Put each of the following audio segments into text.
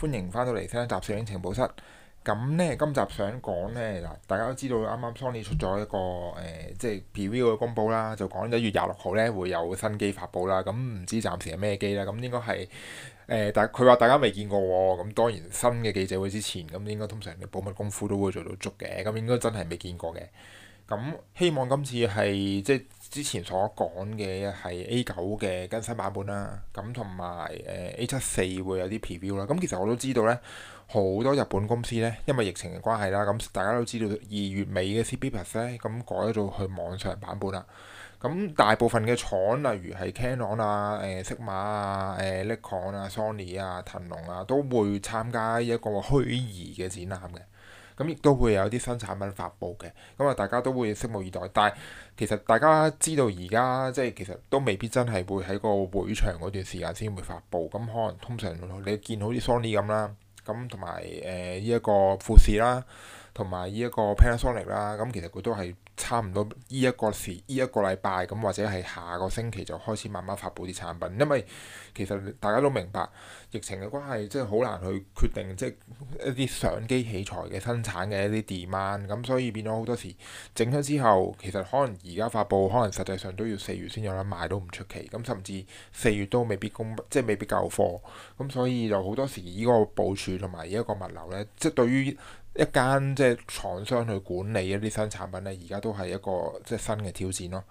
歡迎翻到嚟聽一集攝影情報室。咁呢，今 集， 集想講呢，嗱，大家都知道啱啱 Sony 出咗一個誒、呃，即係 PV 嘅公佈啦，就講一月廿六號呢會有新機發佈啦。咁唔知暫時係咩機咧？咁應該係誒，但佢話大家未見過喎。咁當然新嘅記者會之前，咁應該通常你保密功夫都會做到足嘅。咁應該真係未見過嘅。咁希望今次係即係之前所講嘅係 A 九嘅更新版本啦，咁同埋誒 A 七四會有啲 preview 啦。咁其實我都知道呢，好多日本公司呢，因為疫情嘅關係啦，咁大家都知道二月尾嘅 CP+ 呢咁改咗做去網上版本啦。咁大部分嘅廠例如係 Canon 啊、誒 Sigma 啊、誒 Nikon 啊、Sony 啊、騰龍啊都會參加一個虛擬嘅展覽嘅。咁亦都會有啲新產品發佈嘅，咁啊大家都會拭目以待。但係其實大家知道而家即係其實都未必真係會喺個會場嗰段時間先會發佈，咁可能通常你見好似 Sony 咁啦，咁同埋誒呢一個富士啦，同埋呢一個 Panasonic 啦，咁其實佢都係。差唔多呢一個時，呢一個禮拜咁，或者係下個星期就開始慢慢發布啲產品，因為其實大家都明白疫情嘅關係，即係好難去決定，即係一啲相機器材嘅生產嘅一啲 demand，咁所以變咗好多時整咗之後，其實可能而家發布，可能實際上都要四月先有得賣都唔出奇，咁甚至四月都未必供，即係未必夠貨，咁所以就好多時呢個部署同埋呢一個物流呢，即係對於。一間即係廠商去管理一啲新產品咧，而家都係一個即係新嘅挑戰咯。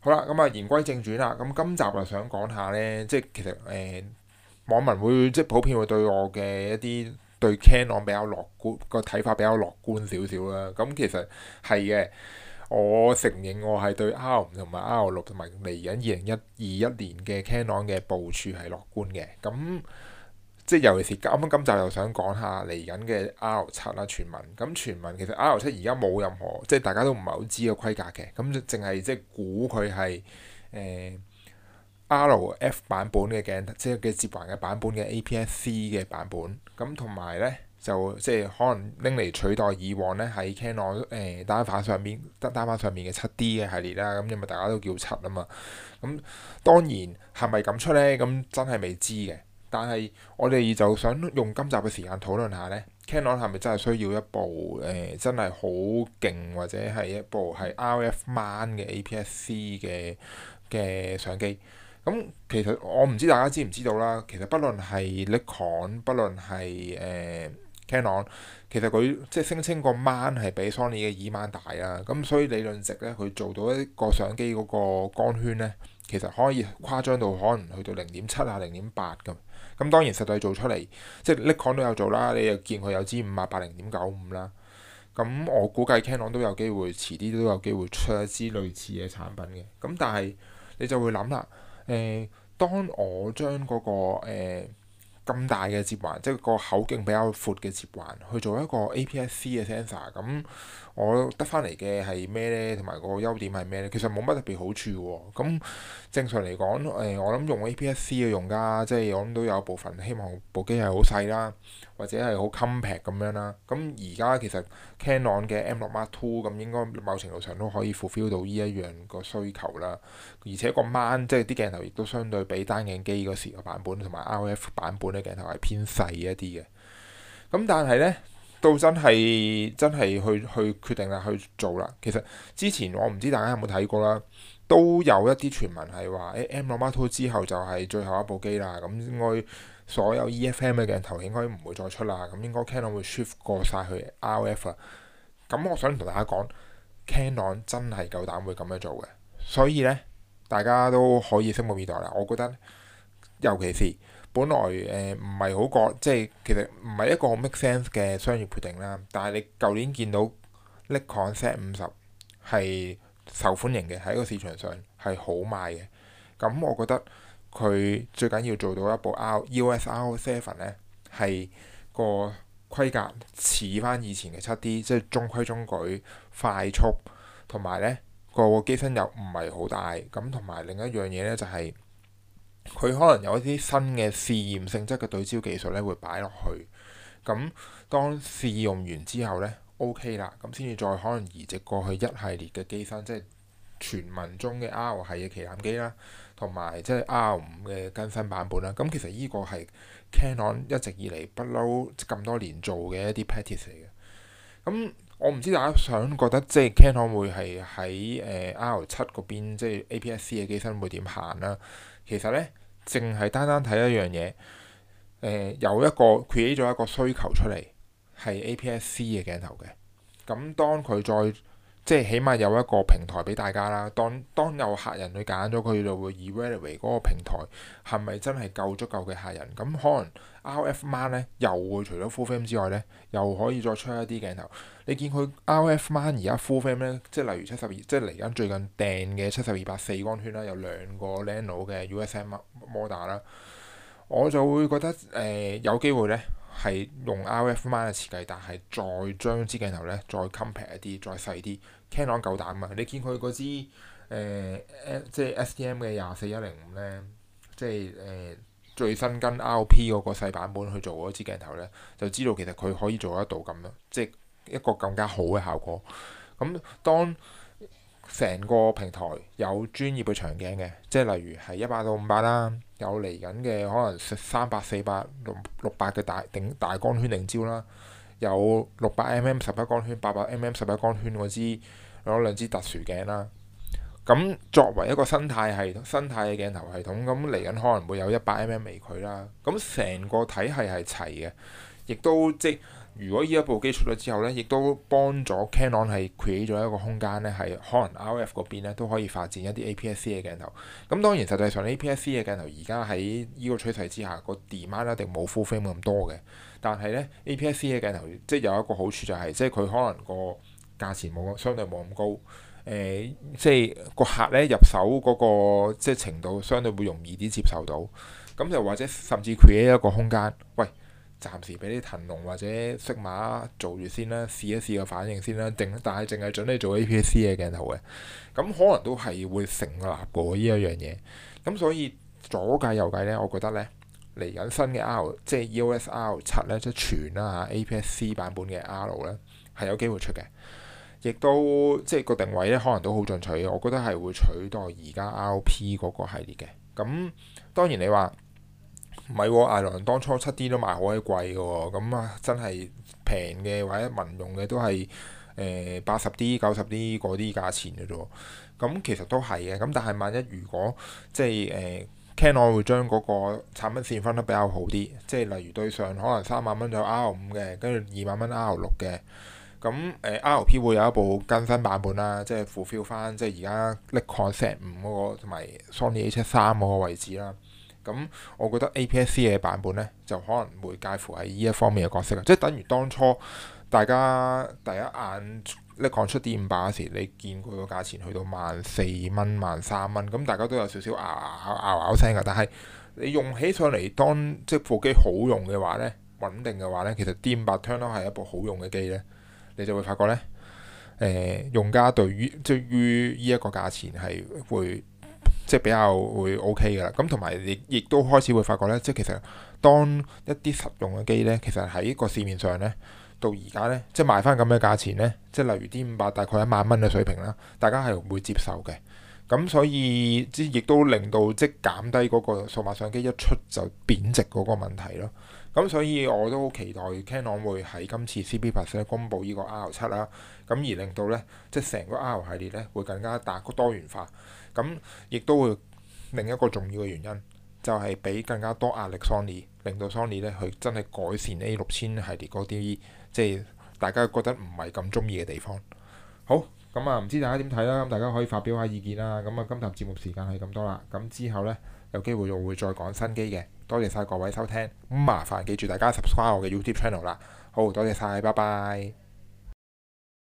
好啦，咁、嗯、啊，言歸正傳啦，咁、嗯、今集就想講下呢，即係其實誒、呃、網民會即係普遍會對我嘅一啲對 Canon 比較樂觀個睇法比較樂觀少少啦。咁、嗯、其實係嘅，我承認我係對 R 五同埋 R 六同埋嚟緊二零一二一年嘅 Canon 嘅部署係樂觀嘅。咁、嗯即係尤其是啱啱今集又想講下嚟緊嘅 R7 啦，傳聞，咁傳聞其實 R7 而家冇任何即係大家都唔係好知嘅規格嘅，咁淨係即係估佢係誒 RF 版本嘅鏡，即係嘅接環嘅版本嘅 APS-C 嘅版本，咁同埋咧就即係可能拎嚟取代以往咧喺 Canon 誒、呃、單反上面，單單反上面嘅七 D 嘅系列啦，咁因為大家都叫七啊嘛，咁當然係咪咁出咧？咁真係未知嘅。但係我哋就想用今集嘅時間討論下呢 Canon 係咪真係需要一部誒、呃、真係好勁或者係一部係 RF Mount 嘅 APS-C 嘅嘅相機？咁、嗯、其實我唔知大家知唔知道啦。其實不論係 Nikon，不論係誒、呃、Canon，其實佢即係聲稱個 Mount 係比 Sony 嘅 E Mount 大啦。咁所以理論值呢，佢做到一個相機嗰個光圈呢。其實可以誇張到可能去到零點七啊、零點八咁。咁當然實際做出嚟，即係 Nikon 都有做啦，你又見佢有支五啊、八零點九五啦。咁我估計 Canon 都有機會，遲啲都有機會出一支類似嘅產品嘅。咁但係你就會諗啦，誒，當我將嗰個誒咁大嘅接環，即係個口徑比較闊嘅接環，去做一個 APS-C 嘅 sensor。咁我得翻嚟嘅係咩呢？同埋個優點係咩呢？其實冇乜特別好處喎。咁正常嚟講，誒、呃、我諗用 APS-C 嘅用家，即係我諗都有部分希望部機係好細啦。或者係好 compact 咁樣啦，咁而家其實 Canon 嘅 M6 Mark II 咁應該某程度上都可以 fulfill 到呢一樣個需求啦，而且個 mount 即係啲鏡頭亦都相對比單鏡機嗰時個版本同埋 RF 版本嘅鏡頭係偏細一啲嘅。咁但係呢，到真係真係去去決定啦，去做啦。其實之前我唔知大家有冇睇過啦，都有一啲傳聞係話誒 M6 Mark II 之後就係最後一部機啦，咁應該。所有 EFM 嘅鏡頭應該唔會再出啦，咁應該 Canon 會 shift 過晒去 RF 啊。咁我想同大家講，Canon 真係夠膽會咁樣做嘅，所以呢，大家都可以拭目以待啦。我覺得，尤其是本來誒唔係好過，即係其實唔係一個 make sense 嘅商業決定啦。但係你舊年見到 Nikon Z 50係受歡迎嘅，喺個市場上係好賣嘅。咁我覺得。佢最緊要做到一部 R U S R Seven 咧，係個規格似翻以前嘅七 D，即係中規中矩、快速，同埋呢、那個機身又唔係好大，咁同埋另一樣嘢呢，就係、是、佢可能有一啲新嘅試驗性質嘅對焦技術咧會擺落去，咁當試用完之後呢，OK 啦，咁先至再可能移植過去一系列嘅機身，即係傳聞中嘅 R 系嘅旗艦機啦。同埋即係 R 五嘅更新版本啦，咁其實呢個係 Canon 一直以嚟不嬲咁多年做嘅一啲 practice 嚟嘅。咁、嗯、我唔知大家想覺得即係、就是、Canon 會係喺誒 R 七嗰邊即係、就是、APS-C 嘅機身會點行啦？其實呢，淨係單單睇一樣嘢、呃，有一個 create 咗一個需求出嚟係 APS-C 嘅鏡頭嘅。咁、嗯、當佢再。即係起碼有一個平台俾大家啦。當當有客人去揀咗，佢就會 evaluate 嗰個平台係咪真係夠足夠嘅客人？咁可能 RF mount 咧又會除咗 Full Frame 之外咧，又可以再出一啲鏡頭。你見佢 RF mount 而家 Full Frame 咧，即係例如七十二，即係嚟緊最近訂嘅七十二八四光圈啦，有兩個 Nano 嘅 USM Motor 啦。我就會覺得誒、呃、有機會咧。係用 RF m i 嘅設計，但係再將支鏡頭咧再 compact 一啲，再細啲。Canon 夠膽啊！你見佢嗰支誒即係 STM 嘅廿四一零五咧，即係誒、呃、最新跟 RP 嗰個細版本去做嗰支鏡頭咧，就知道其實佢可以做得到咁咯，即係一個更加好嘅效果。咁當成個平台有專業嘅長鏡嘅，即係例如係一百到五百啦，有嚟緊嘅可能三百四百六六百嘅大頂大光圈定焦啦，有六百 mm 十一光圈、八百 mm 十一光圈嗰支有兩支特殊鏡啦。咁作為一個生態系、生態嘅鏡頭系統，咁嚟緊可能會有一百 mm 微距啦。咁成個體系係齊嘅，亦都即。如果呢一部機出咗之後呢，亦都幫咗 Canon 係 create 咗一個空間呢，係可能 RF 嗰邊呢都可以發展一啲 APS-C 嘅鏡頭。咁當然實際上 APS-C 嘅鏡頭而家喺呢個趨勢之下，個 demand 一定冇 full frame 咁多嘅。但係呢 APS-C 嘅鏡頭即係有一個好處就係、是，即係佢可能個價錢冇相對冇咁高。誒、呃就是那個，即係個客呢入手嗰個即係程度相對會容易啲接受到。咁又或者甚至 create 一個空間，喂。暫時俾啲騰龍或者色馬做住先啦，試一試個反應先啦。淨但係淨係準你做 APS-C 嘅鏡頭嘅，咁可能都係會成立過呢一樣嘢。咁所以左計右計呢，我覺得呢嚟緊新嘅 R 即係 EOS R 七呢，即係全啦 APS-C 版本嘅 R 咧係有機會出嘅，亦都即係個定位呢，可能都好進取嘅。我覺得係會取代而家 RP 嗰個系列嘅。咁當然你話。唔係喎，艾倫當初七 D 都賣好鬼貴嘅喎，咁啊真係平嘅或者民用嘅都係誒八十 D、九十 D 嗰啲價錢嘅啫。咁其實都係嘅，咁但係萬一如果即係誒、呃、，Canon 會將嗰個產品線分得比較好啲，即係例如對上可能三萬蚊有 R 五嘅，跟住二萬蚊 R 六嘅。咁誒、呃、，RP 會有一部更新版本啦，即係復 fill 翻，即係而家 l i t e o n s e t 五嗰個同埋 Sony A 七三嗰個位置啦。咁我覺得 APS-C 嘅版本咧，就可能會介乎喺呢一方面嘅角色啦。即係等於當初大家第一眼咧講出 D 五百嗰時，你見佢個價錢去到萬四蚊、萬三蚊，咁大家都有少少拗拗拗拗聲噶。但係你用起上嚟，當即係部機好用嘅話咧、穩定嘅話咧，其實 D 五百聽落係一部好用嘅機咧，你就會發覺咧，誒用家對於即係於呢一個價錢係會。即係比較會 OK 嘅啦，咁同埋亦亦都開始會發覺咧，即係其實當一啲實用嘅機咧，其實喺個市面上咧，到而家咧，即係賣翻咁嘅價錢咧，即係例如 D 五百大概一萬蚊嘅水平啦，大家係會接受嘅。咁所以即亦都令到即係減低嗰個數碼相機一出就貶值嗰個問題咯。咁所以我都好期待 Canon 會喺今次 CP+ 先公布呢個 R 七啦，咁而令到呢，即係成個 R 系列呢會更加大多元化，咁亦都會另一個重要嘅原因就係俾更加多壓力 Sony，令到 Sony 呢去真係改善 A6000 系列嗰啲即係大家覺得唔係咁中意嘅地方。好，咁啊唔知大家點睇啦？咁大家可以發表下意見啦。咁啊今集節目時間係咁多啦，咁之後呢，有機會我會再講新機嘅。多謝曬各位收聽，唔麻煩記住大家 subscribe 我嘅 YouTube channel 啦，好多謝曬，拜拜。